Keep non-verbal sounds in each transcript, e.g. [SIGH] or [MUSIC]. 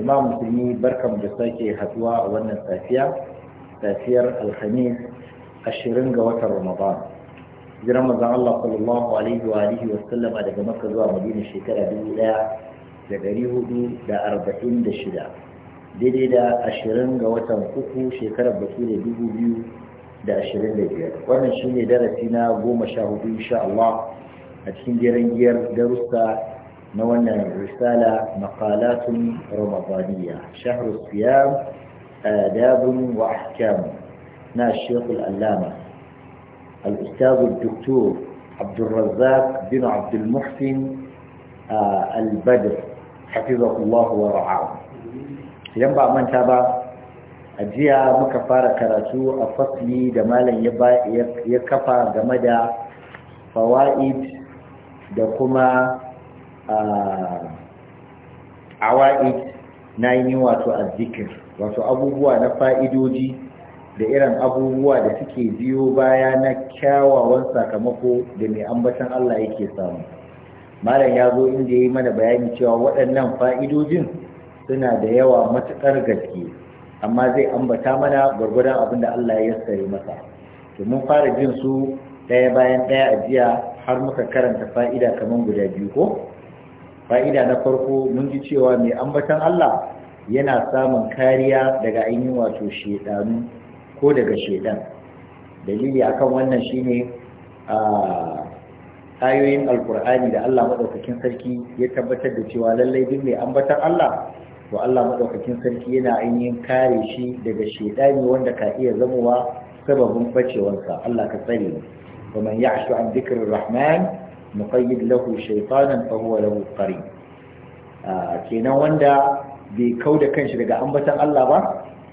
imam musulmi Barkan da sake haduwa a wannan safiya safiyar alhamis ashirin ga watan ramadan jiran mazan allah sallallahu alaihi wa alihi wa sallama daga makka zuwa madina shekara dubu daya da dari hudu da arba'in da shida daidai da ashirin ga watan uku shekarar bature dubu biyu da ashirin da biyar wannan shine darasi na goma sha hudu insha allah a cikin jeren giyar darussa نونا رسالة مقالات رمضانية شهر الصيام آداب وأحكام نا الشيخ الألامة الأستاذ الدكتور عبد الرزاق بن عبد المحسن آه، البدر حفظه الله ورعاه ينبع من تابع ba مكفارة كراتو أفصلي دمالا karatu a fasli da A awa'id na yi wato zikir wato abubuwa na fa'idoji da irin abubuwa da suke biyo baya na kyawawan sakamako da mai ambatan Allah yake samu malam ya zo inda ya yi mana bayani cewa waɗannan fa'idojin suna da yawa matuƙar gaske amma zai ambata mana gwargwadon abin da Allah ya yassare masa to mun fara jin su ɗaya bayan ɗaya a jiya har muka karanta fa'ida kamar guda biyu ko fa'ida na farko mun ji cewa mai ambatan Allah yana samun kariya daga ainihin wato shedanu ko daga shedan dalili akan wannan shine a ayoyin alkur'ani da Allah Maɗaukakin sarki ya tabbatar da cewa lallai duk mai ambatan Allah to Allah madaukakin sarki yana ainihin kare shi daga shedani wanda ka iya zamowa sababin bacewarsa Allah ka tsare ومن يعش عن ذكر الرحمن muqayyid lahu shaytanan fa huwa lahu qarin ah, kenan wanda bai da kanshi daga ambatan Allah ba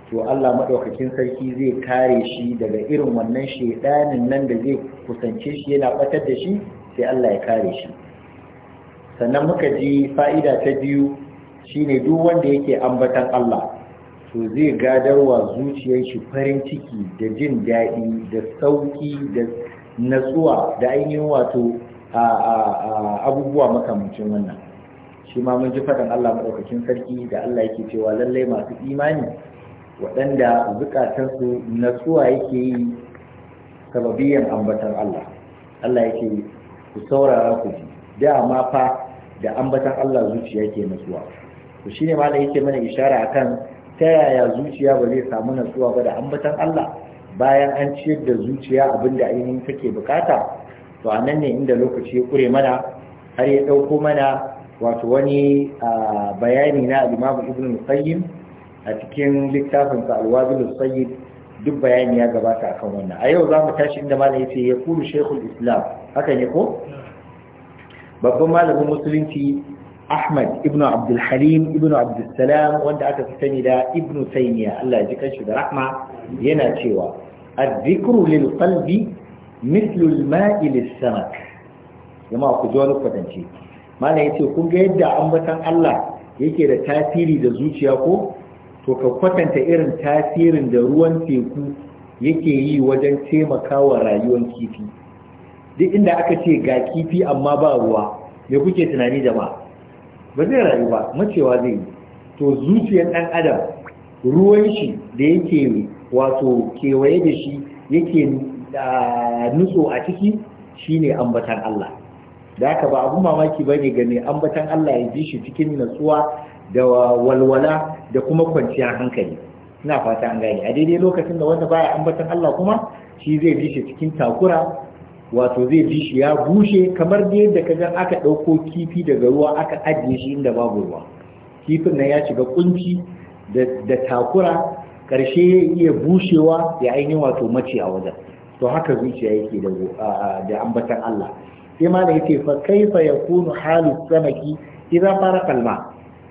to Allah madaukakin sarki zai kare shi daga irin wannan shedanin nan da zai kusance shi yana batar da shi sai Allah ya kare shi sannan muka ji fa'ida ta biyu shine duk wanda yake ambatan Allah to zai gadarwa zuciyar shi farin ciki da jin daɗi da sauki da natsuwa da ainihin wato abubuwa makamcin wannan shi ma mun ji faɗin Allah maɗaukakin sarki da Allah yake cewa lallai masu imani waɗanda zukatansu natsuwa yake yi sababiyan ambatan Allah Allah yake ku saurara ku ji dama fa da ambatan Allah zuciya ke natsuwa to shine ma yake mana ishara akan ta yaya zuciya ba zai samu natsuwa ba da ambatan Allah bayan an ciyar da zuciya abinda ainihin take bukata to a nan ne inda lokaci ya kure mana har ya ɗauko mana wato wani bayani na alimamu ibn musayyim a cikin littafin sa alwazil sayyid duk bayani ya gabata akan wannan a yau za mu tashi inda malam yace ya kulu shaykhul islam haka ne ko babban malamin musulunci Ahmad ibn abdulhalim ibn Abdulsalam, wanda aka fi sani da ibn Taymiyyah Allah ya ji kanshi da rahma yana cewa الذكر للقلب mislul ma'il lissamak jama'a ku ji wani kwatance mana yace kun ga yadda ambatan Allah yake da tasiri da zuciya ko to ka kwatanta irin tasirin da ruwan teku yake yi wajen taimakawa rayuwar kifi duk inda aka ce ga kifi amma ba ruwa me kuke tunani jama'a ba zai rayu ba macewa zai yi to zuciyar dan adam ruwan shi da yake wato kewaye da shi yake nutso a ciki shine ambatan Allah da haka ba abin mamaki ba ne gane ambatan Allah ya ji shi cikin natsuwa da walwala da kuma kwanciyar hankali ina fata an gane a daidai lokacin da wanda baya ambatan Allah kuma shi zai ji shi cikin takura wato zai ji shi ya bushe kamar da yadda ka gan aka ɗauko kifi daga ruwa aka ajiye shi inda babu ruwa kifin nan ya shiga kunci da takura ƙarshe ya iya bushewa ya ainihin wato mace a wajen to haka zuciya yake da da ambatan Allah sai malam yace fa kaifa yakunu halu samaki idan fara kalma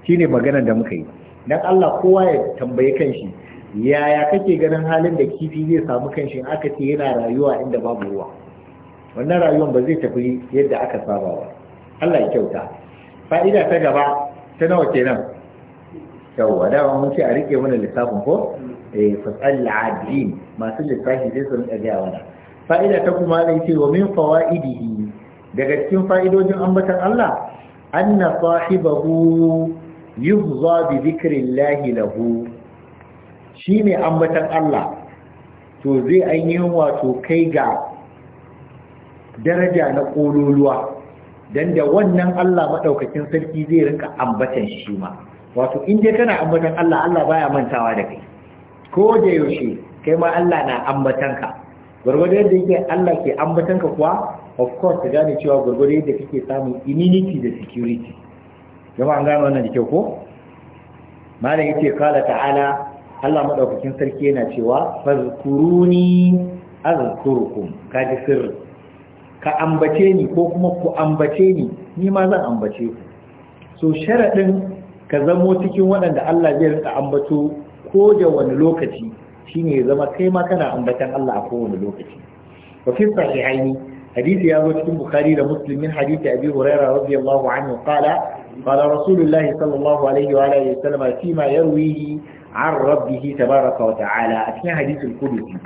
shine maganar da muka yi dan Allah kowa ya tambaye kanshi yaya kake ganin halin da kifi zai samu kanshi aka ce yana rayuwa inda babu ruwa wannan rayuwar ba zai tafi yadda aka saba ba Allah ya kyauta fa'ida ta gaba ta nawa kenan yawwa dawa mun ce a rike mana lissafin ko eh fasal adin masu lissafi sai su rinka gaya wani fa'ida ta kuma zai ce wa min fawaidihi daga cikin fa'idojin ambatan Allah anna sahibahu yuhza bi zikrillahi lahu shine ambatan Allah to zai ainihin wato kai ga daraja na kololuwa dan da wannan Allah madaukakin sarki zai rinka ambatan shi ma wato in dai kana ambatan Allah Allah baya mantawa da kai ko da yaushe kai ma Allah na ambatanka gurgurda yadda yake Allah ke ambatanka kuwa of course ka gane cewa gurgurda yadda kake samun immunity da security jama an gano wannan da kyau ko malam yace qala ta'ala Allah madaukakin sarki yana cewa fazkuruni azkurukum kaji sirri ka ambace ni ko kuma ku ambace ni ni ma zan ambace ku so sharadin ka zamo cikin waɗanda Allah zai rika ambato ko da wani lokaci shine ya zama kai ma kana ambatan Allah a kowane lokaci wa fi sahihaini hadisi ya zo cikin bukhari da muslim min hadisi abi huraira radiyallahu anhu qala qala rasulullah sallallahu alaihi wa alihi wasallam fi ma yarwihi an rabbih tabaraka wa ta'ala a cikin hadisul qudusi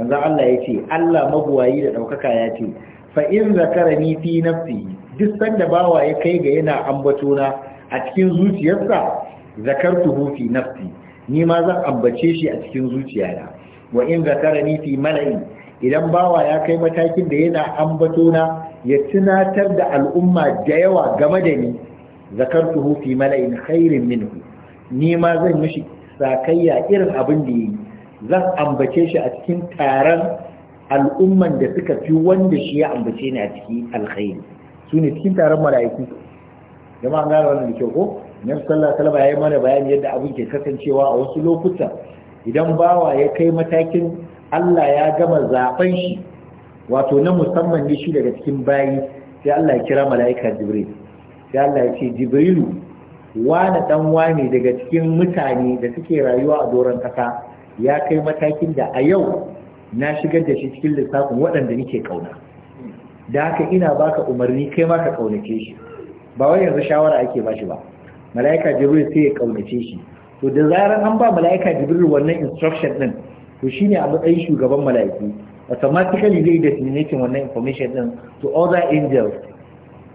manzo Allah yace Allah mabuwayi da daukaka yace fa in zakarani fi nafsi duk sanda bawa ya kai ga yana ambatona a cikin zuciyarsa zakartuhu fi nafsi ni ma zan ambace shi a cikin zuciyana wa in zakarani fi mala'in idan bawa ya kai matakin da yana ambato na ya tunatar da al'umma da yawa game da ni zakartuhu fi mala'in khairin minhu ni ma zan mishi sakayya irin abin da yi zan ambace shi a cikin taron al'umman da suka fi wanda shi ya ambace ni a ciki alkhairi su ne cikin taron mala'iku jama'a gane wannan da kyau ko nan sallah salama ya yi mana bayani yadda abin ke kasancewa a wasu lokuta idan bawa ya kai matakin Allah ya gama zaben shi wato na musamman ne shi daga cikin bayi sai Allah ya kira mala'ika Jibril sai Allah ya ce Jibrilu wani dan wani daga cikin mutane da suke rayuwa a doron kasa ya kai matakin da a yau na shigar da shi cikin lissafin waɗanda nake kauna da haka ina baka umarni kai ma ka kaunace shi ba wai yanzu shawara ake ba shi ba mala'ika jibril sai ya kaunace shi to da zarar an ba mala'ika jibril wannan instruction din to shine a matsayin shugaban mala'iku automatically zai disseminating wannan information din to other angels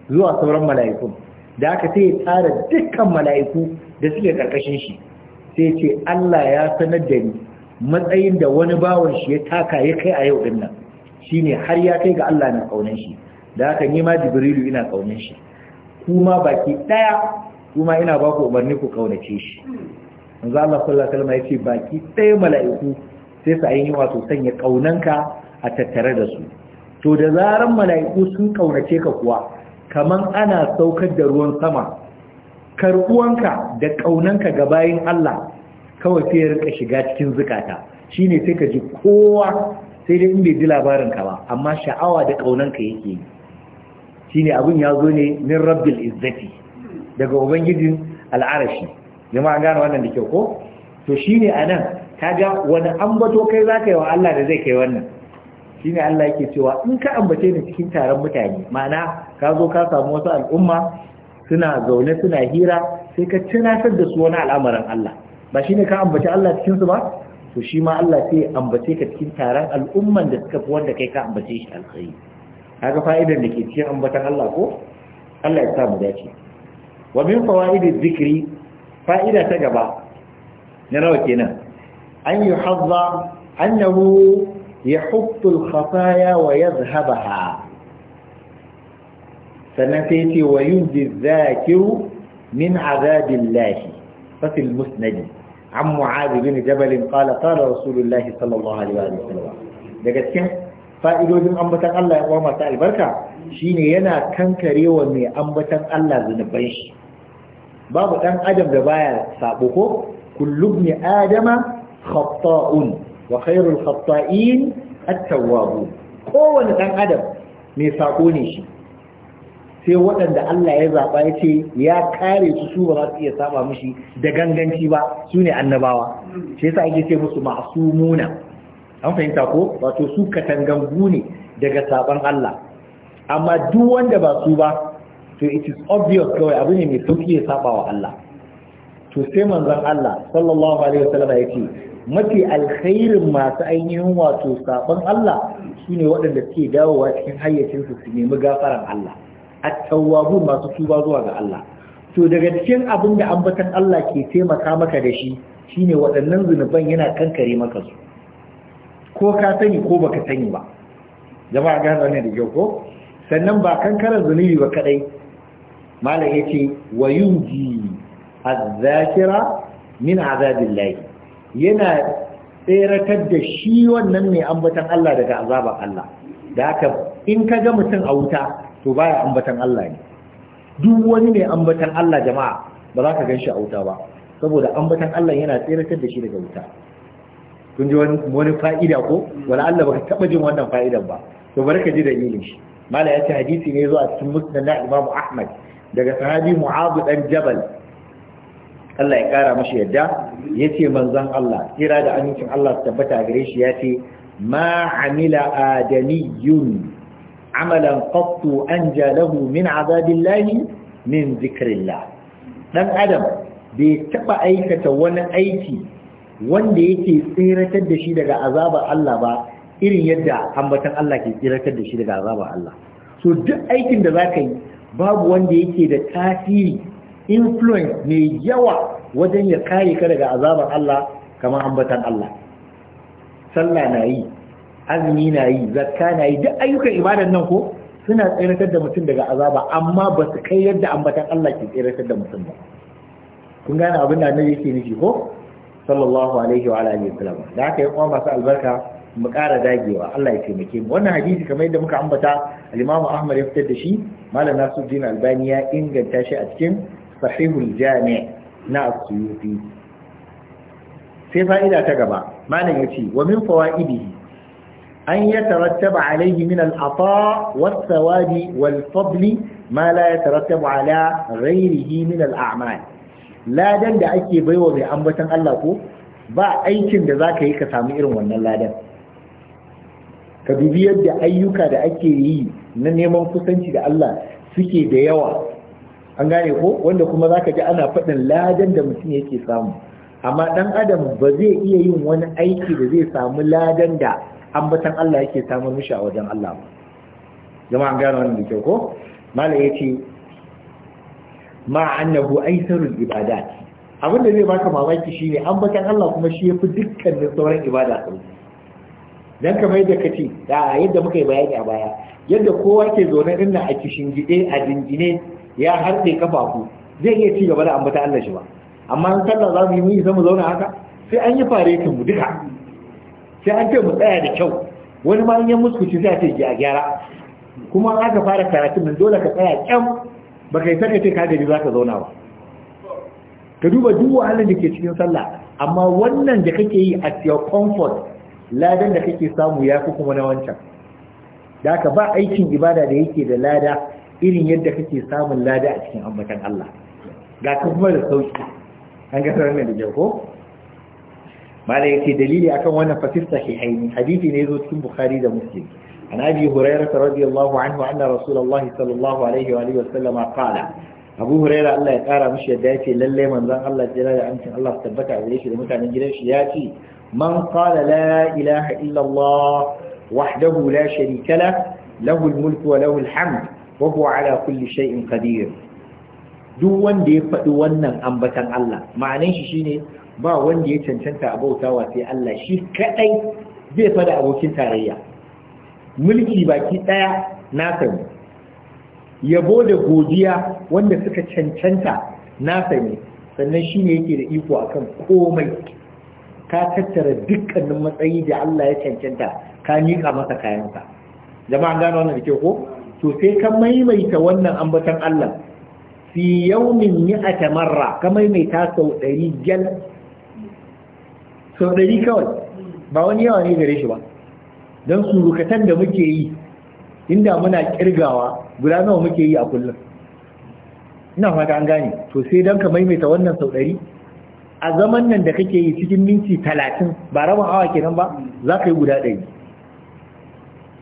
zuwa sauran mala'ikun da aka sai ya tsara dukkan mala'iku da suke karkashin shi sai ce Allah ya sanar da ni matsayin da wani bawan shi ya taka ya kai a yau din nan shine har ya kai ga Allah na kaunan shi da haka ni ma jibrilu ina kaunan shi kuma baki daya kuma ina ba ku umarni ku kaunace shi manzo Allah sallallahu alaihi wasallam yace baki ɗaya mala'iku sai su ainihi wato sanya kaunanka a tattare da su to da zaran mala'iku sun kaunace ka kuwa kaman ana saukar da ruwan sama karbuwanka da kaunanka ga bayin Allah kawai sai ya rinka shiga cikin zukata shine sai ka ji kowa sai dai in bai ji labarin ka ba amma sha'awa da kaunanka yake yi shine abun ya zo ne min rabbil izzati daga ubangijin al'arashi jama'a gane wannan da kyau ko to shine anan kaga wani ambato kai zaka yi wa Allah da zai kai wannan shine Allah yake cewa in ka ambace ni cikin taron mutane ma'ana ka zo ka samu wasu al'umma suna zaune suna hira sai ka tunatar da su wani al'amarin Allah ba shine ka ambace Allah cikin su ba to shi ma Allah sai ambace ka cikin taron al'umman da suka fi wanda kai ka ambace shi alkhairi kaga fa'idar da ke cikin ambatan Allah ko Allah ya sa mu dace wa min fawaidi zikri fa'ida ta gaba na nawa kenan an yi hazza annahu yahuttu al-khataya wa yadhhabaha sannan sai yace wa yunji zakiru min azabillahi fa fil musnad an mu'adh bin jabal qala qala rasulullahi sallallahu alaihi wa sallam daga cikin fa'idodin ambatan Allah ya kuma masa albarka shine yana kankarewa mai ambatan Allah zunubai shi babu dan adam da baya saɓo ko kullu ibn adama khata'un wa khairul khata'in at-tawwabun kowane dan adam mai saƙo ne shi sai waɗanda Allah ya zaɓa ya ce ya kare su su ba za su iya saba mishi da ganganci ba su ne annabawa shi yasa ake ce musu ma'asumuna an fahimta ko wato su katangangu ne daga saban Allah amma duk wanda ba su ba to it is obvious kawai abu ne mai sauki ya saba wa Allah to sai manzon Allah sallallahu alaihi wasallam ya ce mafi alkhairin masu ainihin wato saban Allah shine waɗanda suke dawowa cikin hayyacin su nemi gafaran Allah at-tawwabun masu tuba zuwa ga Allah to daga cikin abin da ambatan Allah ke taimaka maka da shi shine waɗannan zunuban yana kankare maka su ko ka sani ko baka sani ba jama'a gane wannan da kyau ko sannan ba kankarar zunubi ba kadai malam yace wa yunji azzakira min azabillahi yana tseratar da shi wannan mai ambatan Allah daga azabar Allah da haka in ka ga mutum a wuta to baya ambatan Allah ne duk wani mai ambatan Allah jama'a ba za ka gan shi a wuta ba saboda ambatan Allah yana tseratar da shi daga wuta kun ji wani fa'ida ko wala Allah baka taba jin wannan fa'idan ba to bari ka ji dalilin shi mala ya ce hadisi ne zuwa cikin musnad na Imam Ahmad daga sahabi mu'adu dan jabal Allah ya kara mashi yadda yace manzon Allah kira da amincin Allah tabbata gare shi yace ma amila adamiyun amalan qattu anja lahu min azabillahi min zikrillah dan adam bai taba aikata wani aiki wanda yake tsiratar da shi daga azabar Allah ba irin yadda ambatan Allah ke tsiratar da shi daga azabar Allah so duk aikin da zaka yi babu wanda yake da tasiri influence mai yawa wajen ya kare ka daga azabar Allah kamar ambatan Allah sallah na yi azumi na yi zakka na yi duk ayyukan ibadan nan ko suna tsiratar da mutum daga azaba amma ba su kai yadda ambatan Allah ke tsiratar da mutum ba kun gane abin da annabi yake nufi ko sallallahu alaihi wa alihi wasallam da aka yi kuma masu albarka mu ƙara dagewa Allah ya taimake mu wannan hadisi kamar yadda muka ambata al Ahmad ya fitar da shi Malam Nasiruddin Albani ya inganta shi a cikin Sahihul Jami' na As-Suyuti sai fa'ida ta gaba malam yace wa min fawaidihi an yatarattaba alayhi min al-ata was-sawabi wal-fadli ma la yatarattabu ala ghayrihi min al-a'mal ladan da ake baiwa mai ambaton Allah ko ba aikin da zaka yi ka samu irin wannan ladan ka dubi yadda ayyuka da ake yi na neman kusanci da Allah suke da yawa an gane ko wanda kuma zaka ji ana faɗin ladan da mutum yake samu amma dan adam ba zai iya yin wani aiki da zai samu ladan da ambatan Allah yake samu mishi a wajen Allah ba jama'a an gane wannan da kyau ko malai yace ma annahu aisarul ibadat abin da zai baka mamaki shine ambatan Allah kuma shi yafi dukkanin sauran ibada sauki dan kamar yadda kace da yadda muka yi bayani a baya yadda kowa ke zaune din nan a kishin a dingine ya harɗe kafafu zai iya ci gaba da ambata Allah shi ba amma an sallah za mu yi mun yi mu zauna haka sai an yi faretin mu duka sai an ce mu tsaya da kyau wani ma in ya muskuci sai a ce a gyara kuma an aka fara karatun nan dole ka tsaya kyam ba kai saka ce ka gaji za ka zauna ba ka duba duk wahalar da ke cikin sallah amma wannan da kake yi at your comfort ladan da kake samu ya fi kuma na wancan da haka ba aikin ibada da yake da lada irin yadda kake samun lada a cikin ambatan Allah ga kuma da sauki an ga sanar da jago mala yake dalili akan wannan fasir aini hadisi ne zo cikin bukhari da muslim an abi hurairah radiyallahu anhu anna rasulullahi sallallahu alaihi wa alihi wa sallama qala abu huraira Allah ya kara mashi yadda ya ce lalle manzon Allah jira da amincin Allah su tabbata a shi da mutanen gidan shi ya ce man qala la ilaha illa Allah wahdahu la sharika la lahu wa lahu al-hamd wa huwa ala kulli shay'in qadir duk wanda ya faɗi wannan ambatan Allah ma'anin shi shine ba wanda ya cancanta a bautawa sai Allah shi kadai zai fada abokin tarayya mulki baki daya na ne yabo da godiya wanda suka cancanta nasa ne sannan shi ne yake da iko akan komai ka tattara dukkanin matsayi da Allah ya cancanta ka miƙa masa kayansa jama'a gano wannan da ke ko to sai ka maimaita wannan ambaton Allah fi yawmin mi'ata marra ka maimaita sau ɗari gyal sau ɗari kawai ba wani yawa ne gare shi ba don surukatan da muke yi inda muna kirgawa guda nawa muke yi a kullum ina fata an gane to sai dan ka maimaita wannan sau ɗari a zaman nan da kake yi cikin minti talatin ba rabin awa kenan ba za ka yi guda ɗari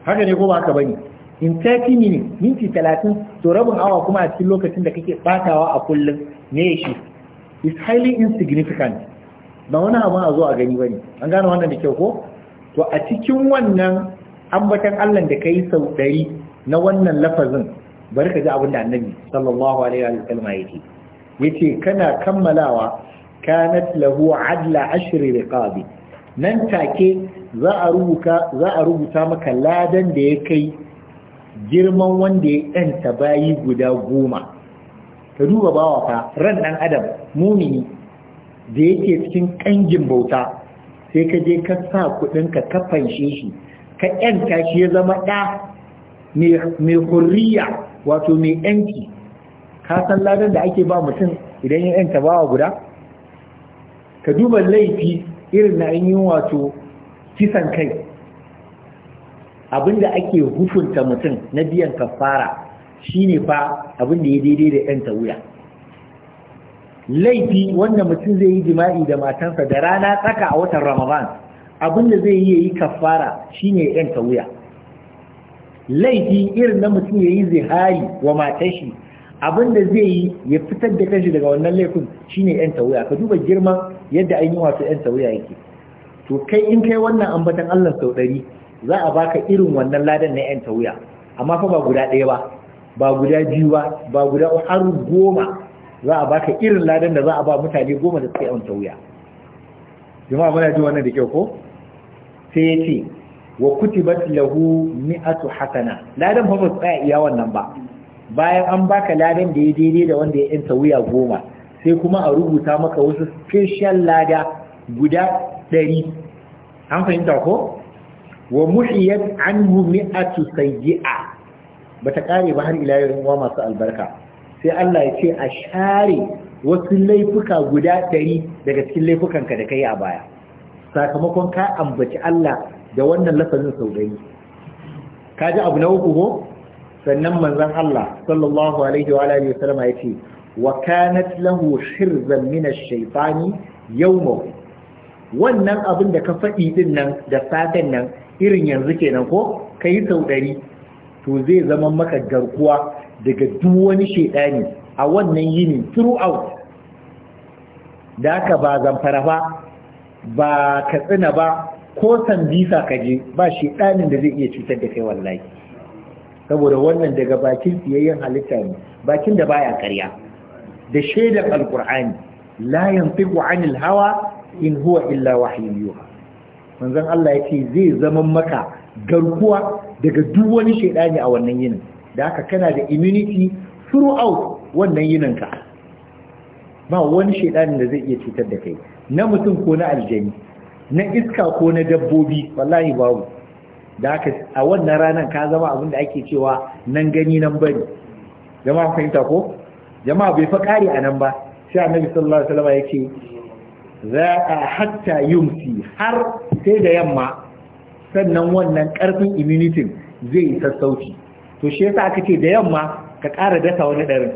haka ne ko ba haka ba ne in 30 minutes minti talatin to rabin awa kuma a cikin lokacin da kake batawa a kullum ne shi is highly insignificant ba wani abu a zo a gani ba ne an gane wannan da kyau ko to a cikin wannan ambatan allah da ka yi sau ɗari na wannan lafazin bari ka ji abin da annabi sallallahu alaihi wa sallam yake yace kana kammalawa kanat lahu adla ashri riqabi nan take za a rubuta za a rubuta maka ladan da ya kai girman wanda ya yanta bayi guda goma ka duba bawa fa ran dan adam mumini da yake cikin kangin bauta sai ka je ka sa kudin ka kafan shi ka yanta shi ya zama da mai hurriya wato mai yanki ka san ladan da ake ba mutum idan ya yanta bawa guda ka duba laifi irin na yi wato kisan kai abinda ake hukunta mutum na biyan kafara shine fa abinda ya daidai da yanta wuya laifi wanda mutum zai yi jima'i da matansa da rana tsaka a watan ramadan abinda zai yi yayi kafara shine yanta wuya laifi irin na mutum ya yi zihari wa matashi abin da zai yi ya fitar da kanshi daga wannan laifin shine yan tawuya ka duba girman yadda an yi wasu yan tawuya yake to kai in kai wannan ambatan Allah sau ɗari za a baka irin wannan ladan na yan tawuya amma fa ba guda ɗaya ba ba guda biyu ba ba guda har goma za a baka irin ladan da za a ba mutane goma da suka yan tawuya jama'a muna ji wannan da kyau ko sai ya wa kutibat lahu mi'atu hasana ladan ba tsaya iya wannan ba bayan an baka ladan da ya daidai da wanda ya yanta wuya goma sai kuma a rubuta maka wasu special lada guda ɗari an fahimta ko wa muhiyat anhu mi'atu sayyi'a bata kare ba har ila yau masu albarka sai Allah ya ce a share wasu laifuka guda ɗari daga cikin laifukanka da ka a baya sakamakon ka ambaci Allah da wannan lafazin sau ɗari ji abu na uku ko sannan manzon Allah sallallahu alaihi wa alihi wasallam ya ce wa kanat lahu shirzan min ash-shaytani yawma wannan abin da ka faɗi din nan da safen nan irin yanzu kenan ko kai sau ɗari to zai zama maka garkuwa daga duk wani shaytani a wannan yini throughout da aka ba zamfara ba ba tsina ba ko sambisa ka je ba shi ɗanin da zai iya cutar da kai wallahi saboda wannan daga bakin siyayyen halitta ne bakin da baya karya da shaidar alkur'ani la yantiqu anil hawa in huwa illa wahyun yuha manzon Allah yace zai zama maka garkuwa daga duk wani shaidani a wannan yinin da haka kana da immunity throughout wannan yininka ba wani ne da zai iya cutar da kai na mutum ko na aljani na iska ko na dabbobi wallahi babu da haka a wannan ranar ka zama abin da ake cewa nan gani nan bari jama'a fahimta ko jama'a bai fa kare a nan ba sai annabi sallallahu alaihi wasallam yake za a hatta yumsi har sai da yamma sannan wannan karfin immunity zai sassauci to shi yasa aka ce da yamma ka kara dasa wani ɗarin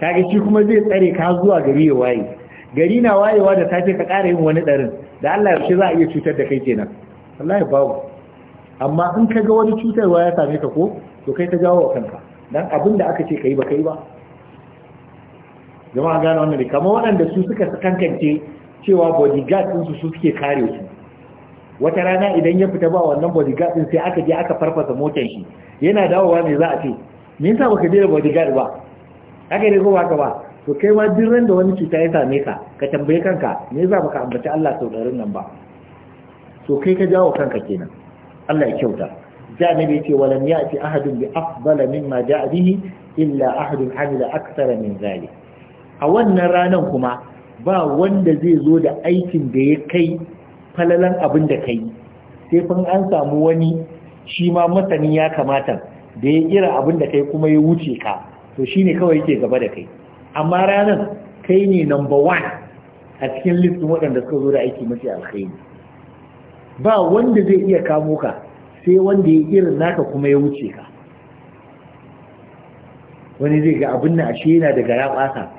ta shi kuma zai tsare ka zuwa gari ya waye gari na wayewa da safe ka ƙara yin wani ɗarin da Allah ya ce za a iya cutar da kai kenan Allah ya bawo amma in ka ga wani cutarwa ya same ka ko to kai ta jawo wa kanka dan abin da aka ce kai ba kai ba jama'a gane wannan ne kamar waɗanda su suka kankance cewa bodyguard ɗinsu su suke kare su wata rana idan ya fita ba wannan bodyguard ɗin sai aka je aka farfasa motar shi yana dawowa ne za a ce me yasa baka je da bodyguard ba aka dai ko ka ba to kai ma duk ran da wani cuta ya same ka ka tambaye kanka me yasa baka ambaci Allah sau nan ba to kai ka jawo kanka kenan Allah ya kyauta da nabi ce walam ya'ti ahadun bi afdal mimma ja'a bihi illa ahadun amila akthar min zalik a wannan ranan kuma ba wanda zai zo da aikin da ya kai falalan abin da kai sai fa an samu wani shi ma masani ya kamata da ya kira abin da kai kuma ya wuce ka to shine kawai yake gaba da kai amma ranar kai ne number one a cikin listin waɗanda suka zo da aiki mafi alkhairi ba wanda zai iya kamo ka sai wanda ya irin naka kuma ya wuce ka wani zai ga abin nan ashe yana da gara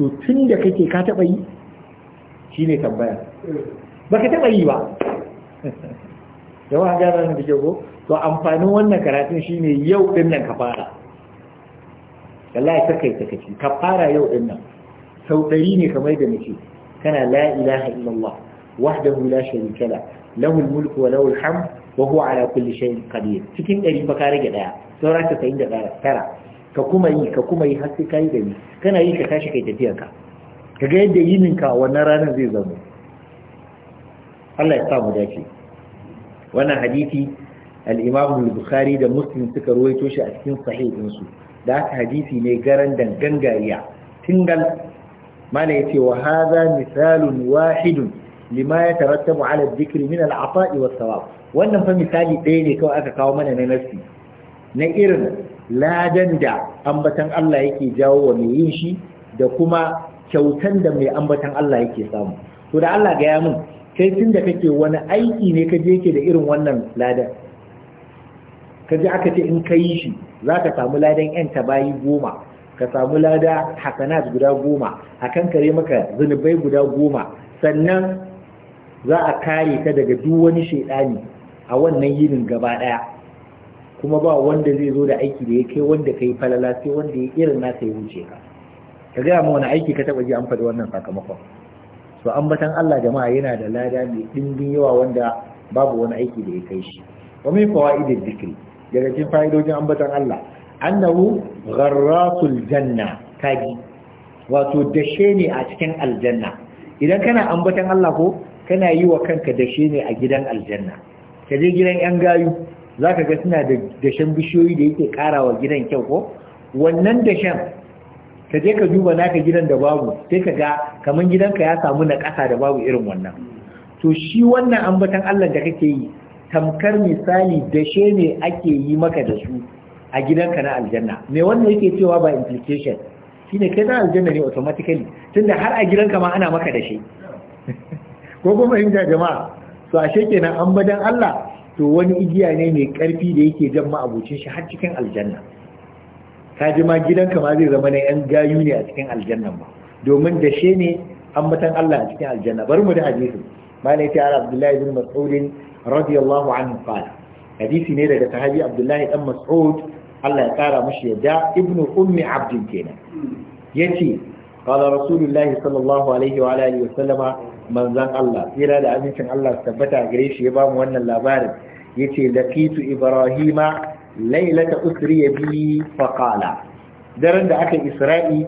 to tun da kake ka taɓa yi shi ne tambaya ba ka taɓa yi ba yawan [LAUGHS] gara da ke ko to amfanin wannan karatun shine yau ɗin nan ka fara wallahi karkai takaci ka fara yau din nan sau ɗari ne kamar da muke kana la ilaha illallah wahdahu la sharika la lahu mulku wa lahu alhamd wa huwa ala kulli shay'in qadir cikin ɗari fa ka rage daya saura ka sayin da tara ka kuma yi ka kuma yi har sai kai da kana yi ka tashi kai tafiyar ka kaga yadda yinin ka wannan ranar zai zama Allah ya sa mu dace wannan hadisi al-Imam al-Bukhari da Muslim suka ruwaito shi a cikin sahihinsu su da haka hadisi ne garan dangan tingal mana yace wa hadha misalun wahidun lima yatarattabu ala adh min al-'ata'i sawab wannan fa misali ɗaya ne kawai aka kawo mana na nafsi na irin ladan da ambatan Allah yake jawo wa mai yin shi da kuma kyautan da mai ambatan Allah yake samu to da Allah gaya mun kai tun da kake wani aiki ne ka je yake da irin wannan ladan ka ji aka ce in ka yi shi za ka samu ladan ta bayi goma ka samu lada hasanat guda goma a kan kare maka zunubai guda goma sannan za a kare ka daga duk wani shaidani a wannan yinin gaba daya kuma ba wanda zai zo da aiki da ya kai wanda kai falala sai wanda ya irin nasa ya wuce ka ka gaya ma wani aiki ka taba ji an faɗi wannan sakamakon to ambatan Allah jama'a yana da lada mai ɗimbin yawa wanda babu wani aiki da ya kai shi wa min fawaidid dhikri daga cikin fa'idojin ambatan Allah annahu gharratul janna kaji wato dashe ne a cikin aljanna idan kana ambatan Allah ko kana yi wa kanka dashe ne a gidan aljanna ka je gidan yan gayu zaka ga suna da dashen bishiyoyi da yake karawa gidan kyau ko wannan dashen ka je ka duba naka gidan da babu sai ka ga kaman gidanka ya samu na ƙasa da babu irin wannan to shi wannan ambatan Allah da kake yi tamkar misali dashe ne ake yi maka da su a gidanka na aljanna me wannan yake cewa ba implication ne kai na aljanna ne automatically tunda har a gidanka ma ana maka dashe [LAUGHS] ko mai in jama'a so ashe kenan an badan Allah to wani igiya ne mai karfi da yake jan ma'abucin shi har cikin aljanna ka ji ma gidanka ma zai zama na yan gayu ne a cikin aljannan ba domin dashe ne ambatan Allah a cikin aljanna bari mu da hadisi ما نيتي على عبد الله بن مسعود رضي الله عنه قال حديث نيرة لتهدي عبد الله بن مسعود الله تعالى مش يدع ابن أم عبد كينا يتي قال رسول الله صلى الله عليه وعلى آله وسلم من زان الله إلى لأمين الله ثبتها قريش يبام وأن اللابارد يتي لقيت إبراهيم ليلة أسري بي فقال daren da aka isra'i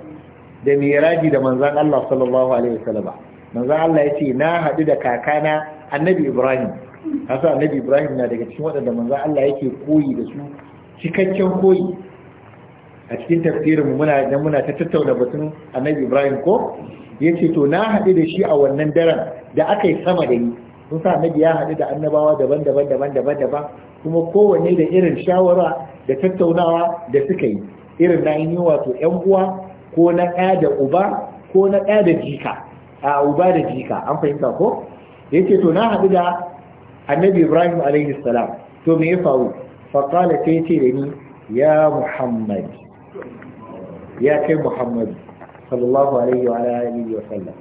da miraji da manzan Allah sallallahu Alaihi wasallama manzo Allah ya ce na haɗu da kakana annabi Ibrahim hasa annabi Ibrahim na daga cikin waɗanda manzo Allah yake koyi da su cikakken koyi a cikin tafsirin muna da muna ta tattauna batun annabi Ibrahim ko yace to na haɗu da shi a wannan daren da aka yi sama da ni sun sa annabi ya haɗu da annabawa daban-daban daban-daban daban kuma kowanne da irin shawara da tattaunawa da suka yi irin na yi wato ƴan uwa ko na ɗaya da uba ko na ɗa da jika a uba da jika an fahimta ko Ya ce to na haɗu da annabi ibrahim alaihi salam to me ya faru faƙala ta yi ce da ni ya muhammad ya kai muhammad sallallahu alaihi wa alihi wa sallam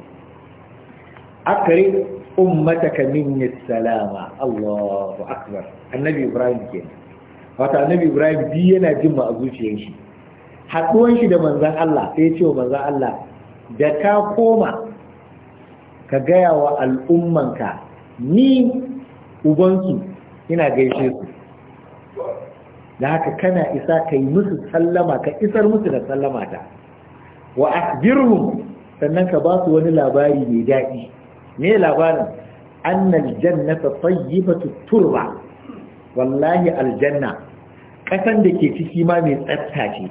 akari ummataka minni salama allahu akbar annabi ibrahim kenan wata annabi ibrahim bi yana jin ma a zuciyar shi haɗuwan shi da manzan Allah sai ya ce wa manzan Allah da ka koma ka gaya wa al'ummanka ni ubansu ina gaishe su da haka kana isa ka yi musu sallama ka isar musu da sallama ta wa akhbirhum sannan ka ba su wani labari mai daɗi me labarin annal jannata tayyibatu turba wallahi aljanna ƙasan da ke ciki ma mai tsafta ce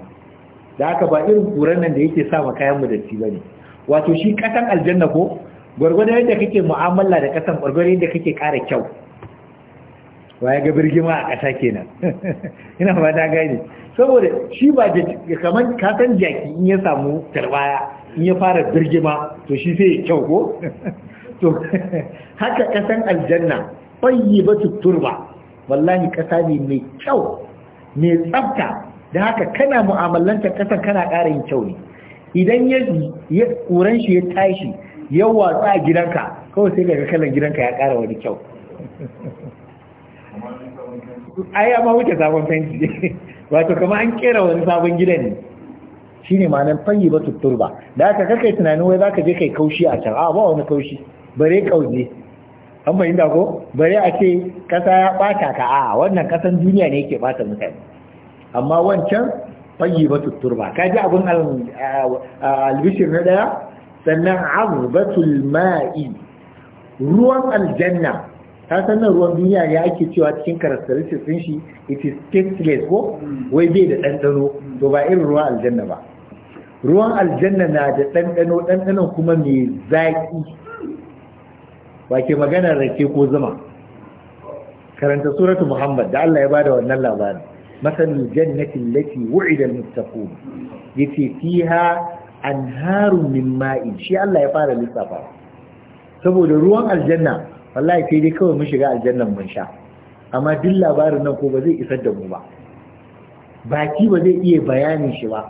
da haka ba irin kuran nan da yake sa ma kayan mu datti bane wato shi kasan aljanna ko gwargwadon yadda kake mu'amala da kasan gwargwadon yadda kake kara kyau ya ga birgima a ƙasa kenan [LAUGHS] ina ba ta gani saboda shi ba kamar kasan jaki in ya samu tarbaya in ya fara birgima to shi sai ya kyau ko [LAUGHS] to [LAUGHS] haka ƙasan aljanna ba su turba wallahi kasa ne mai kyau mai tsafta da haka kana mu'amalanta ƙasan kana ƙara yin kyau ne idan ya ƙuran shi ya tashi yau tsa a gidanka kawai sai daga kalan gidanka ya ƙara wani kyau ai amma wuce sabon fenti wato kama an kera wani sabon gidan ne shine nan fayi ba ba. da aka kakai tunanin wai za ka je kai kaushi a can a ba wani kaushi bare kauje an fahimta ko bare a ce kasa ya bata ka a wannan kasan duniya ne yake bata mutane amma wancan fayi ba ba. ka ji abin albishir na daya sannan azbatul ma'i ruwan aljanna ta sannan ruwan duniya ne ake cewa cikin characteristics din shi it is tasteless ko hmm. wai bai da ɗanɗano to ba irin ruwan aljanna ba ruwan aljanna na da ɗanɗano ɗanɗano kuma mai zaƙi ba ke magana rake ko zuma karanta suratu muhammad da Allah ya bada wannan labarin masalul jannati allati wu'ida al-muttaqun yace fiha anharun min ma’i shi Allah ya fara lissafa saboda ruwan aljanna wallahi sai dai kawai mun shiga aljannan mun sha amma duk labarin nan ko ba zai isar da mu ba baki ba zai iya bayanin shi ba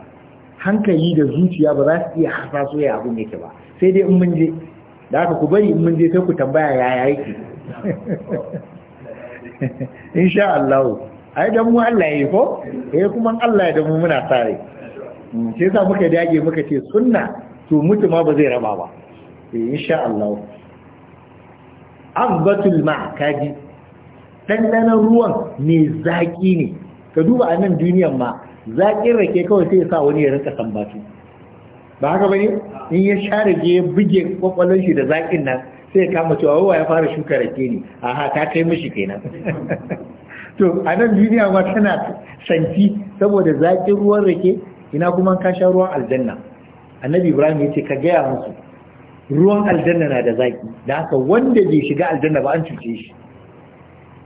hankali da zuciya ba za su iya hasaso ya abun yake ba sai dai in mun je da haka ku bari in mun je sai ku tambaya yaya yake [LAUGHS] insha Allah ai dan mu Allah yayi ko eh kuma Allah ya da mu muna sare Mm, shi yasa muka dage muka ce sunna to mutu ma ba zai raba ba eh insha Allah ruwan mai zaki ne ka duba a nan duniyan ma zakin rake kawai sai ya sa wani ya rinka sambatu ba haka bane in ya share je ya buge kwakwalon shi da zakin nan sai ya kama cewa wawa ya fara shuka rake ne aha ta kai mishi kenan [LAUGHS] to a nan duniya ma tana santi saboda zaƙin ruwan rake ina kuma ka sha ruwan aljanna annabi ibrahim ya ce ka gaya musu ruwan aljanna na da zaki da haka wanda bai shiga aljanna ba an cuce shi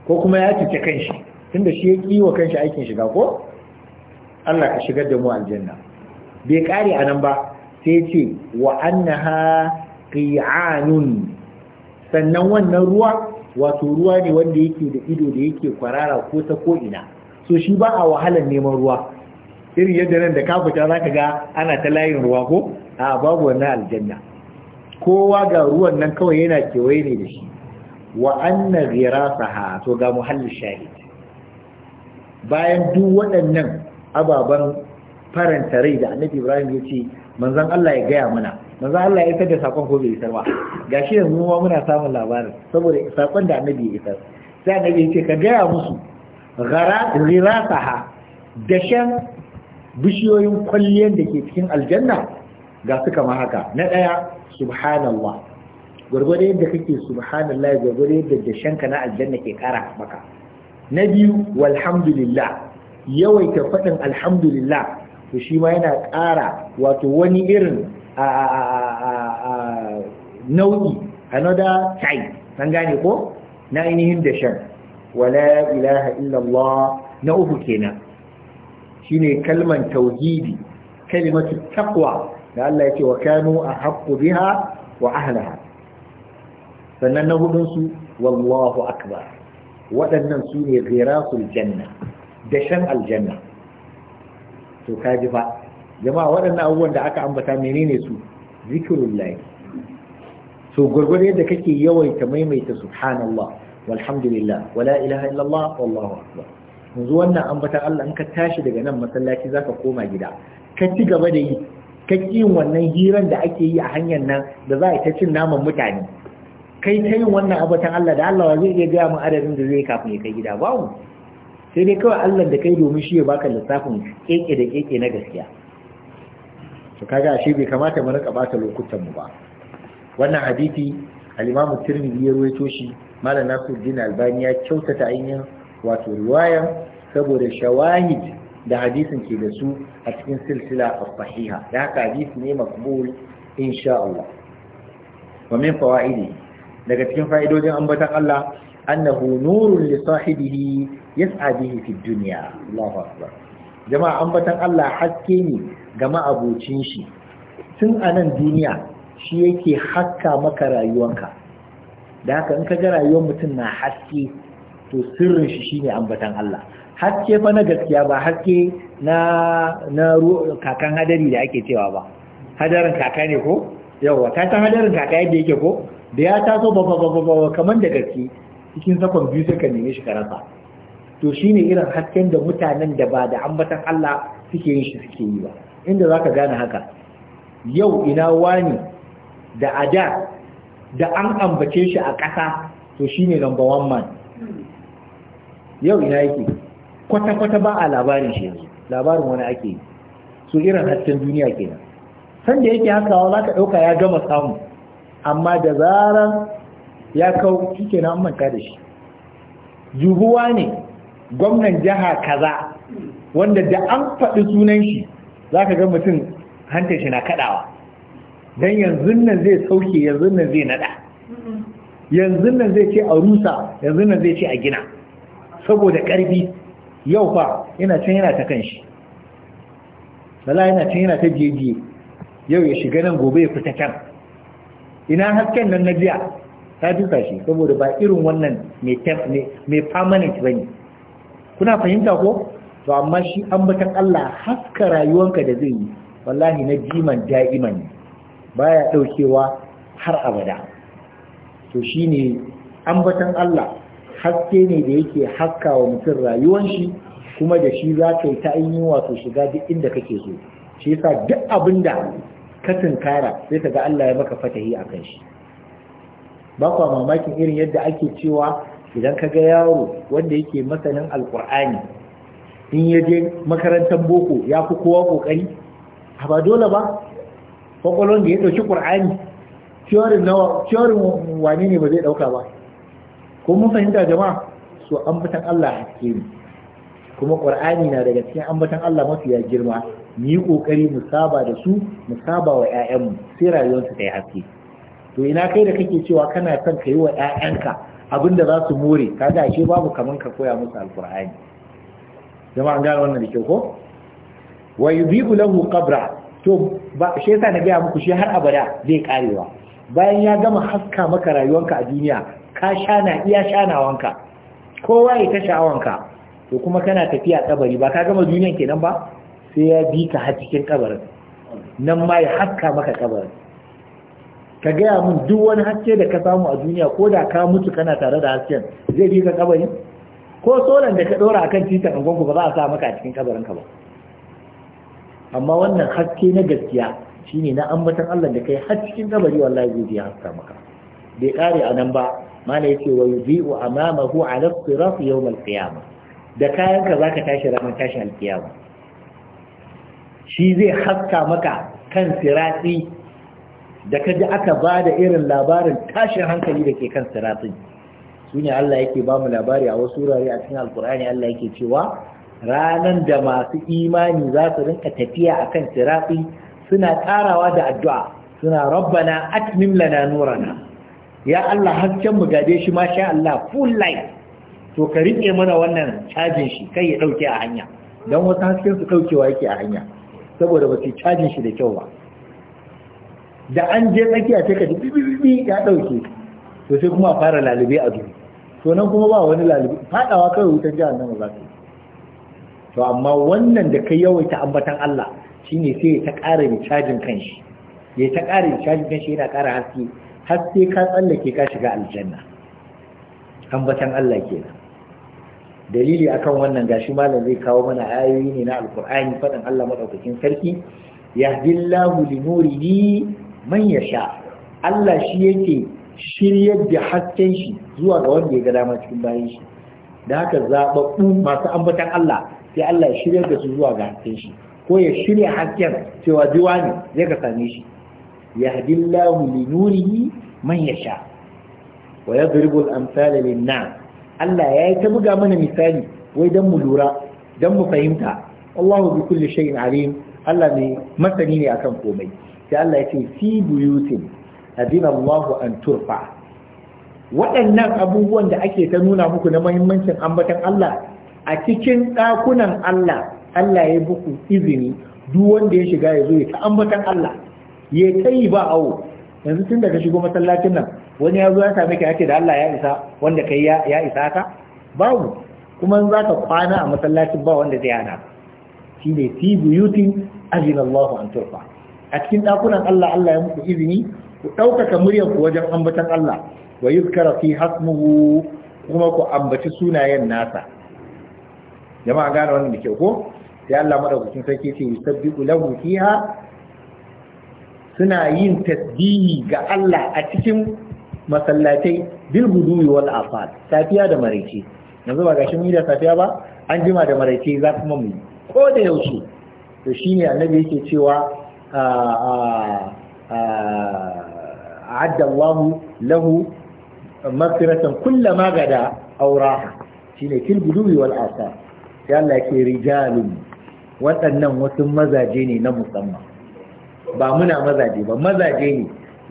ko kuma ya cuce kanshi tunda shi ya ki wa kanshi aikin shiga ko Allah ka shigar da mu aljanna bai kare anan ba sai ce wa annaha qi'anun sannan wannan ruwa wato ruwa ne wanda yake da ido da yake kwarara ko ta ko ina so shi ba a wahalar neman ruwa irin yadda nan da kafuta za ka ga ana ta layin ruwa ko a babu wannan aljanna kowa ga ruwan nan kawai yana kewaye ne da shi wa anna ghirasaha to ga muhalli shahid bayan duk waɗannan ababen faranta rai da annabi ibrahim ya ce manzon Allah ya gaya mana manzon Allah ya isar da sakon ko bai isar ba gashi yanzu mu muna samun labarin saboda sakon da annabi ya isar sai annabi ya ce ka gaya musu rirasaha, dashen bishiyoyin kwalliyar da ke cikin aljanna ga su kama haka na ɗaya subhanallah gwargwado yadda kake subhanallah gwargwado yadda dashenka na aljanna ke kara maka na biyu walhamdulillah yawaita faɗin alhamdulillah to shi ma yana ƙara wato wani irin nau'i another type an gane ko na ainihin dashen wala ilaha illallah na uku kenan Shi ne kalman tauhidi kalimatu taqwa da Allah ya ce wa kanu ahqqu biha wa Ahlaha. sannan na hudun su wallahu akbar waɗannan su ne ghirasul janna dashan aljanna to ka ji fa jama'a waɗannan abubuwan da aka ambata menene su zikirullahi so gurgurda yadda kake yawaita maimaita subhanallah walhamdulillah wala ilaha illallah wallahu akbar yanzu wannan ambatan Allah in ka tashi daga nan masallaci zaka koma gida ka ci gaba da yi ka yin wannan hiran da ake yi a hanyar nan da za a ta cin naman mutane kai ta yin wannan abatan Allah da Allah zai iya gaya mu adadin da zai kafin ya kai gida babu sai dai kawai Allah da kai domin shi ya baka lissafin keke da keke na gaskiya to kaga ashe bai kamata mu rika bata lokutan mu ba wannan hadisi al-Imam Tirmidhi ya rawaito shi Malam Nasiruddin Albani ya kyautata ainihin wato riwaya saboda shawahid da hadisin ke da su a cikin silsila a sahiha da haka hadisi ne makbul insha Allah wa min fawaidi daga cikin fa'idodin ambatan Allah annahu nurun li sahibihi yas'a bihi fi dunya Allahu akbar jama'a ambatan Allah haske ne ga ma'abocin shi tun a nan duniya shi yake hakka maka rayuwanka da haka in ka ga rayuwar mutum na haske to sirrin shi shine ambatan Allah haske fa na gaskiya ba haske na na kakan hadari da ake cewa ba hadarin kaka ne ko yawa ta ta hadarin kaka yadda yake ko da ya taso ba ba ba ba kaman da gaske cikin sakon biyu sai ka neme shi ka to shine irin hasken da mutanen da ba da ambatan Allah suke yin shi suke yi ba inda zaka gane haka yau ina wani da ada da an ambace shi a ƙasa to shine number one man yau ina yake kwata-kwata ba a labarin shi yanzu labarin wani ake yi su irin hasken duniya kenan san da yake hakawa za ka ɗauka ya gama samu amma da zarar ya kau shi ke nan manta da shi juhuwa ne gwamnan jiha kaza wanda da an faɗi sunan shi za ka ga mutum hantar shi na kaɗawa don yanzu nan zai sauke yanzu nan zai naɗa yanzu nan zai ce a rusa yanzu nan zai ce a gina saboda ƙarfi yau fa yana can yana ta kanshi bala yana can yana ta jejiye yau ya shiga nan gobe ya fita can ina hasken nan na biya? ta duka shi saboda ba irin wannan mai permanent ba ne kuna fahimta ko to amma shi an ambatan Allah haska rayuwanka da zai yi wallahi na jiman da'iman ne ya ɗaukewa har abada to shi shine ambatan Allah haske ne da yake haska wa mutum rayuwan shi kuma da shi za ka yi ta ainihin wato shiga duk inda kake so shi yasa duk abin da ka tunkara sai ka ga Allah ya maka fatahi a kan shi ba kwa mamakin irin yadda ake cewa idan ka ga yaro wanda yake masanin alkur'ani in ya je makarantar boko ya fi kowa kokari a ba dole ba kwakwalon da ya ɗauki ƙur'ani ciyorin wane ne ba zai ɗauka ba ko mun fahimta jama'a so ambatan Allah haske cikin kuma qur'ani na daga cikin ambatan Allah ya girma mu yi kokari mu saba da su mu saba wa ƴaƴanmu sai rayuwarsu ta yi haske to ina kai da kake cewa kana son ka yi wa ƴaƴanka abin da za su more kaga ashe babu kaman ka koya musu alqur'ani jama'a an gane wannan da kyau ko wa yudhi'u lahu qabra to ba shi yasa na gaya muku shi har abada zai karewa bayan ya gama haska maka rayuwarka a duniya ka sha na iya shanawanka kowa ya ta wanka. to kuma kana tafiya kabari ba ka gama duniyan kenan ba sai ya bi ka har cikin kabarin nan ma ya haska maka kabarin ka gaya min duk wani haske da ka samu a duniya ko da ka mutu kana tare da hasken zai bi ka kabarin ko solan da ka dora akan titan angonku ba za a sa maka a cikin kabarin ka ba amma wannan haske na gaskiya shine na ambatan Allah da kai har cikin kabari wallahi zai bi haska maka bai kare a nan ba mala yace wa yudhi'u amamahu ala sirat yawm al-qiyamah da kayanka ka zaka tashi ranar tashi al-qiyama shi zai haska maka kan sirati da kaji aka bada irin labarin tashin hankali da ke kan siratin ne Allah yake ba mu labari a wasu wurare a cikin alkur'ani Allah yake cewa ranan da masu imani za su rinka tafiya akan sirati suna karawa da addu'a suna rabbana atmim lana nurana ya Allah hasken mu gade shi ma sha Allah full light to ka rike mana wannan cajin shi kai ya dauke a hanya don wasu hasken su daukewa yake a hanya saboda ba su cajin shi da kyau ba da an je tsakiya sai ka ji ya dauke to sai kuma a fara lalube a duniya to nan kuma ba wani lalube fadawa kawai wutar jihar nan ba su to amma wannan da ka yawaita ambatan Allah shine sai ya ta ƙara cajin kanshi ya ta ƙara cajin kanshi yana ƙara haske har sai ka tsallake ka shiga aljanna ambatan Allah kenan dalili akan wannan gashi malam zai kawo mana ayoyi ne na alkur'ani faɗin Allah madaukakin sarki yahdillahu li nurihi man yasha Allah shi yake shiryar da hasken shi zuwa ga wanda ya ga dama cikin bayan shi da haka zaɓaɓɓu masu ambatan Allah sai Allah ya shiryar da su zuwa ga hasken shi ko ya shirya hasken cewa jiwa ne zai ka same shi yahdi Allahu li nurihi man yasha wa yadribu al-amsala lin-nas Allah yayi ta buga mana misali wai dan mu lura dan mu fahimta Allahu bi kulli shay'in alim Allah ne masani ne akan komai sai Allah ya ce fi buyutin adina Allahu an turfa waɗannan abubuwan da ake ta nuna muku na mahimmancin ambatan Allah a cikin ɗakunan Allah Allah ya buku izini duk wanda ya shiga ya zo ya ta ambatan Allah ya kai ba awo yanzu tun daga shigo masallacin nan wani ya zo ya same ka yace da Allah ya isa wanda kai ya ya isa ka babu kuma in zaka kwana a masallacin ba wanda zai shi ne fi buyutin azina Allahu an turfa a cikin dakunan Allah Allah ya muku izini ku ɗaukaka muryar ku wajen ambatan Allah wa yuzkara fi hasmuhu kuma ku ambaci sunayen nasa jama'a gane wannan da ke ko sai Allah madaukakin sarki ce yusabbiqu lahu fiha suna yin tasbihi ga Allah a cikin masallatai bil guduwi wal afal safiya da maraice yanzu ba gashi yi da safiya ba an jima da maraice za kuma mu ko da yaushe to shine annabi yake cewa a adda Allah lahu maghfiratan kullama gada auraha shine til guduwi wal afal sai Allah yake rijalun waɗannan wasu mazaje ne na musamman ba muna mazaje ba mazaje ne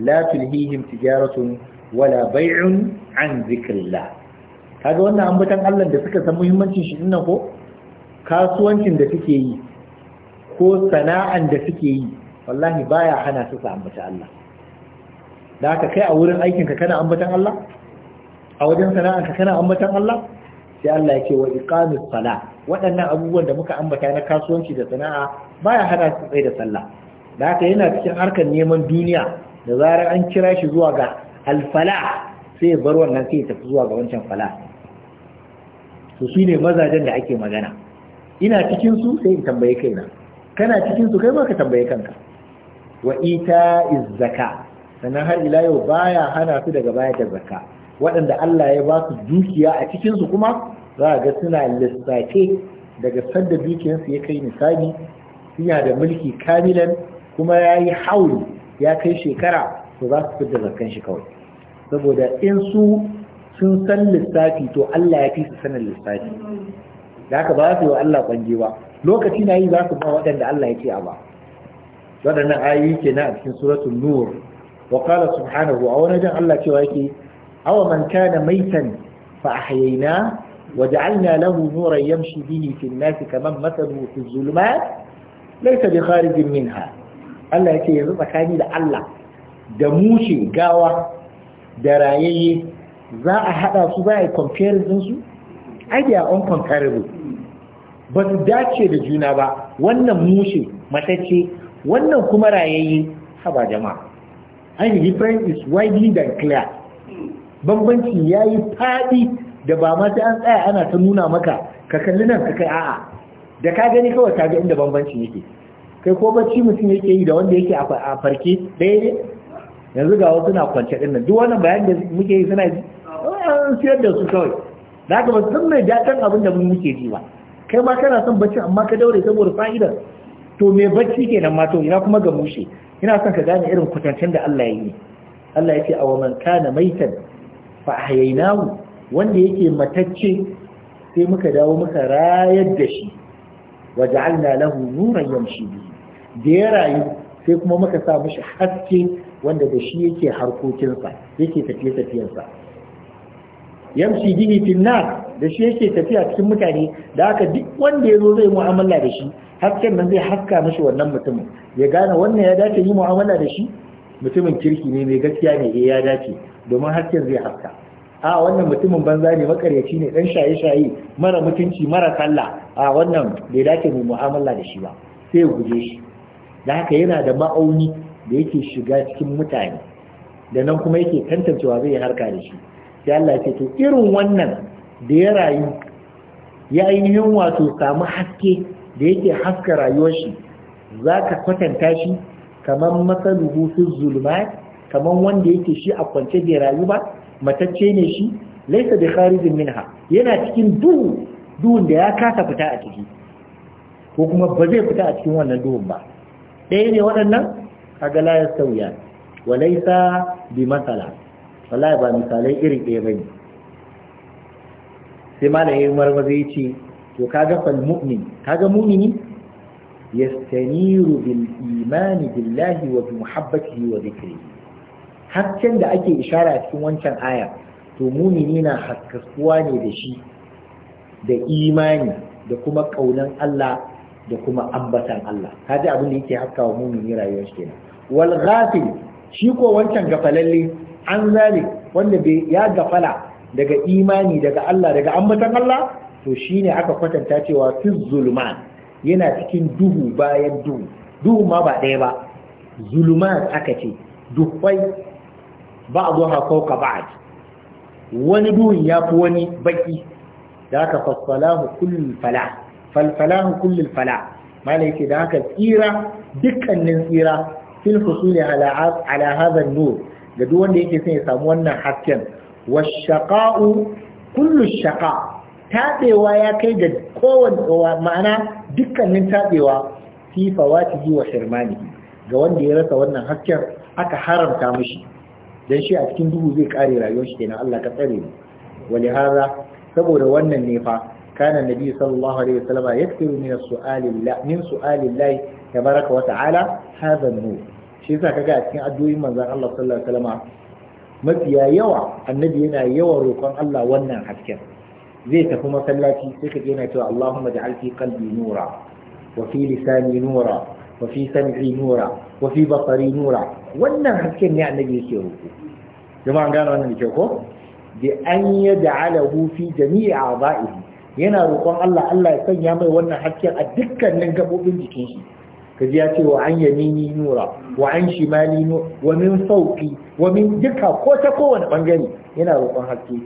la tulhihim tijaratun wala bai'un an zikrillah kaga wannan ambatan Allah da suka san muhimmancin shi dinnan ko kasuwancin da suke yi ko sana'an da suke yi wallahi baya hana su ambata Allah da haka kai a wurin aikinka kana ambatan Allah a wajen sana'anka kana ambatan Allah sai Allah ya wa iqamis sala waɗannan abubuwan da muka ambata na kasuwanci da sana'a baya hana su tsaye da sallah da aka yana cikin harkar neman duniya da zarar an kira shi zuwa ga alfala sai bar wannan sai ya tafi zuwa ga wancan fala to su ne mazajen da ake magana ina cikin su sai in tambaye kaina kana cikin su kai ma ka tambaye kanka wa ita izzaka sannan har ila yau baya hana su daga baya da zakka waɗanda Allah ya ba su dukiya a cikin su kuma za a ga suna lissace daga sanda dukiyarsu ya kai misali suna da mulki kamilan kuma ya yi haul ya kai shekara to za su fidda zakkan shi kawai saboda in su sun san lissafi to Allah ya fi su sanin lissafi da haka ba su yi wa Allah kwange ba lokaci na yi za su ba waɗanda Allah ya ce a ba waɗannan ayoyi ke na a cikin suratul nur wa qala subhanahu a wani jan Allah cewa yake awa man kana maitan fa ahyayna wa ja'alna lahu nuran yamshi bihi fi an-nas kaman mathaluhu fi adh-dhulumat laysa bi kharijin minha Allah ya ce yanzu tsakani da Allah da mushe gawa da rayayye za a haɗa su ba a yi comparison su ai da on comparable ba su dace da juna ba wannan mushe matacce wannan kuma rayayye haba jama'a ai the difference is widely than clear bambanci yayi faɗi da ba ma sai an tsaya ana ta nuna maka ka kalli nan ka kai a'a da ka gani kawai ka ga inda bambanci yake kai ko bacci mutum yake yi da wanda yake a farke daya ne yanzu ga wasu na kwance ɗin nan duk wannan bayan da muke yi suna ji an siyar da su kawai da haka ba sun mai datan abin da muke ji ba kai ma kana son bacci amma ka daure saboda fa'idar to me bacci kenan ma to ina kuma ga mushe ina son ka gane irin kwatancen da Allah ya yi Allah ya ce a waman kana maitan fa ahyaynahu wanda yake matacce sai muka dawo muka rayar da shi waja'alna lahu nuran yamshi bihi da ya rayu sai kuma muka sa mishi haske wanda da shi yake harkokinsa yake tafiye tafiyarsa. yamshi gini finna da shi yake tafiya cikin mutane da aka duk wanda ya zo zai mu'amala da shi hasken nan zai haska mashi wannan mutumin ya gane wannan ya dace yi mu'amala da shi mutumin kirki ne mai gaskiya ne eh ya dace domin hasken zai haska a wannan mutumin banza ne makaryaci ne dan shaye-shaye mara mutunci mara kalla, a wannan bai dace mu mu'amala da shi ba sai ya guje shi da haka yana da ma'auni da yake shiga cikin mutane da nan kuma yake tantancewa zai harka da shi sai Allah ya ce to irin wannan da ya rayu ya ainihin wato samu haske da yake haska rayuwar shi za ka kwatanta shi kamar masaluhu fi zulmat kamar wanda yake shi a kwance bai rayu ba matacce ne shi laisa bi kharijin minha yana cikin duhu duhun da ya kasa fita a ciki ko kuma ba zai fita a cikin wannan duhun ba ɗaya ne waɗannan kaga la yastawiya walaysa bi matsala? wallahi ba misalai iri ɗaya bane sai malamin Umar bazai ce to kaga fal mu'min kaga mu'mini yastaniru bil imani billahi wa bi muhabbatihi wa dhikrihi da ake ishara cikin wancan aya to mumini na haskaskuwa ne da shi da imani da kuma ƙaunan Allah da kuma ambatan Allah kaji abin da yake haska wa mumini rayuwar shi kenan wal ghafil shi ko wancan gafalalle an zalik wanda bai ya gafala daga imani daga Allah daga ambatan Allah to shine aka kwatanta cewa fi zuluman yana cikin duhu bayan duhu duhu ma ba ɗaya ba zuluman aka ce duhwai ba'daha fawqa ba'd wani duhun yafi wani baki da aka mu kullu falah falfalahu kullul fala mana yake da haka tsira dukkanin tsira fil husuli ala ala hadha nur ga duk wanda yake son ya samu wannan hasken washaqa'u kullu shaqa tabewa ya kai ga kowanne ma'ana dukkanin tabewa fi fawatihi wa shirmani ga wanda ya rasa wannan hasken aka haramta mishi dan shi a cikin duhu zai kare rayuwar shi kenan Allah ka tsare mu wali saboda wannan ne fa كان النبي صلى الله عليه وسلم يكثر من السؤال الله من سؤال الله تبارك وتعالى هذا النور shi yasa kaga a cikin addu'o'in manzon Allah sallallahu alaihi wasallam mafiya yawa annabi yana yawan roƙon Allah wannan hasken zai tafi masallaci sai ka yana cewa Allahumma ja'al fi qalbi nura wa fi lisani nura wa fi sam'i nura wa fi basari nura wannan hasken ne annabi yake roƙo jama'an gane wannan da ko bi an yaj'alahu fi jami'i a'dha'ihi yana roƙon Allah Allah ya sanya mai wannan hasken a dukkanin gabobin jikin shi kaji ya ce wa an yamini nura wa an shimali nura wa min fauqi wa min duka ko ta kowane bangare yana roƙon haske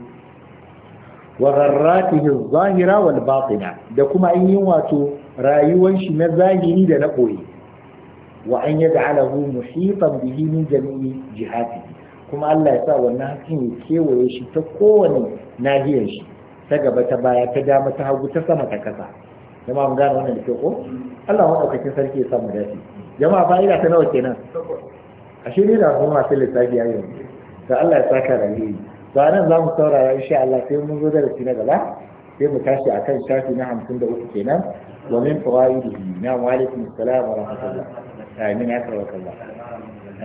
wa gharratihi zahira wal batina da kuma in wato rayuwar shi na zahiri da na koyi wa an yaj'alahu muhitan bihi min jami'i jihati kuma Allah ya sa wannan hakin ya kewaye shi ta kowane nahiyar shi ta gaba ta baya ta dama ta hagu ta sama ta kasa jama mun gane wannan dake ko Allah madaukakin sarki ya samu dace jama'a fa'ida ta nawa kenan ashe ne da kuma masu lissafi a da Allah ya saka rayi to anan za mu saurara insha Allah sai mun zo darasi na gaba sai mu tashi akan shafi na 53 kenan wa min fawaidihi na wa alaikum assalam wa rahmatullah amin ya karwa kallah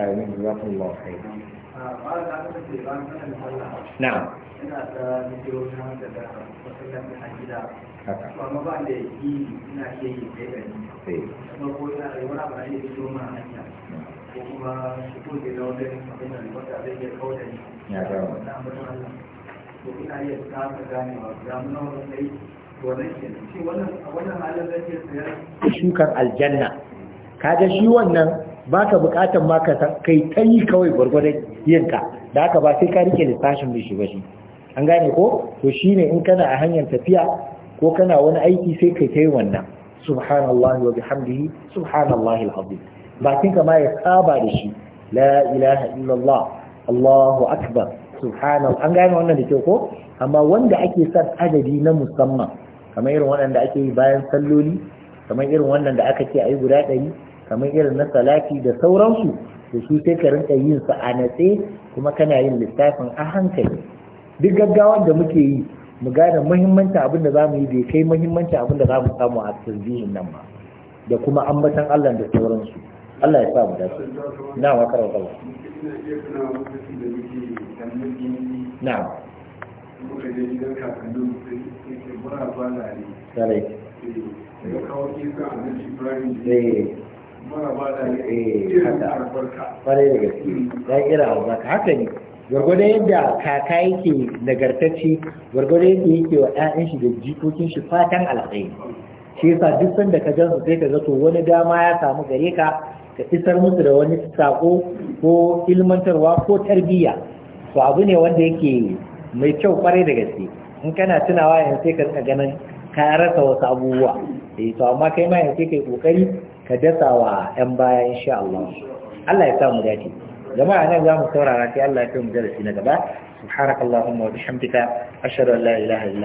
amin jazakumullahu khair na'am ina ta bidiyo ta wanda da masallaci a gida to amma ba da yi ina iya yi kai da ni eh. kuma ko ina da wani abu da ya bidiyo ma hanya hmm. ko kuma ko da da wani abin da wata zai iya kawo da ni ya ga wannan abin Allah to ina iya ta ta ganewa ga mun nan sai wannan kenan shi wannan wannan halin da ke tsayar shukar aljanna kaga shi wannan ba ka bukatan ma ka kai kai kawai gwargwadon yinka da haka ba sai ka rike lissafin da shi ba shi an gane ko to shine in kana a hanyar tafiya ko kana wani aiki sai kai kai wannan subhanallahi wa bihamdihi subhanallahi alazim bakin ka ya saba da shi la ilaha illallah allahu akbar subhanallah an gane wannan da kyau ko amma wanda ake son adadi na musamman kamar irin waɗanda ake yi bayan salloli kamar irin wannan da aka ce a yi guda ɗari kamar irin na salati da sauransu to su sai ka rinka yin sa a natse kuma kana yin lissafin a hankali duk gaggawa da muke yi mu gane muhimmancin abin da za mu yi da kai muhimmancin abin da za mu samu a tarbiyyar nan ba da kuma ambatan Allah da sauransu Allah ya sa mu dace na wa karo kallon na ba eh, eh haka kwarai da gaske ya kira zaka, haka ne gwargwado yadda kaka yake nagartacce gwargwado yadda yake wa 'ya'yan shi da jikokin shi fatan alkhairi shi yasa duk sanda ka jansu sai ka ga wani dama ya samu gare ka ka isar musu da wani sako ko ilmantarwa ko tarbiyya to abu ne wanda yake mai kyau kwarai da gaske in kana tunawa yanzu sai ka ganin ka rasa wasu abubuwa eh to amma kai ma yanzu kai kokari ka dasa wa 'yan baya insha Allah Allah ya sa mu dace jama'a nan za mu saurara sai Allah ya kai mu darasi na gaba subhanakallahumma wa bihamdika ashhadu an la ilaha illa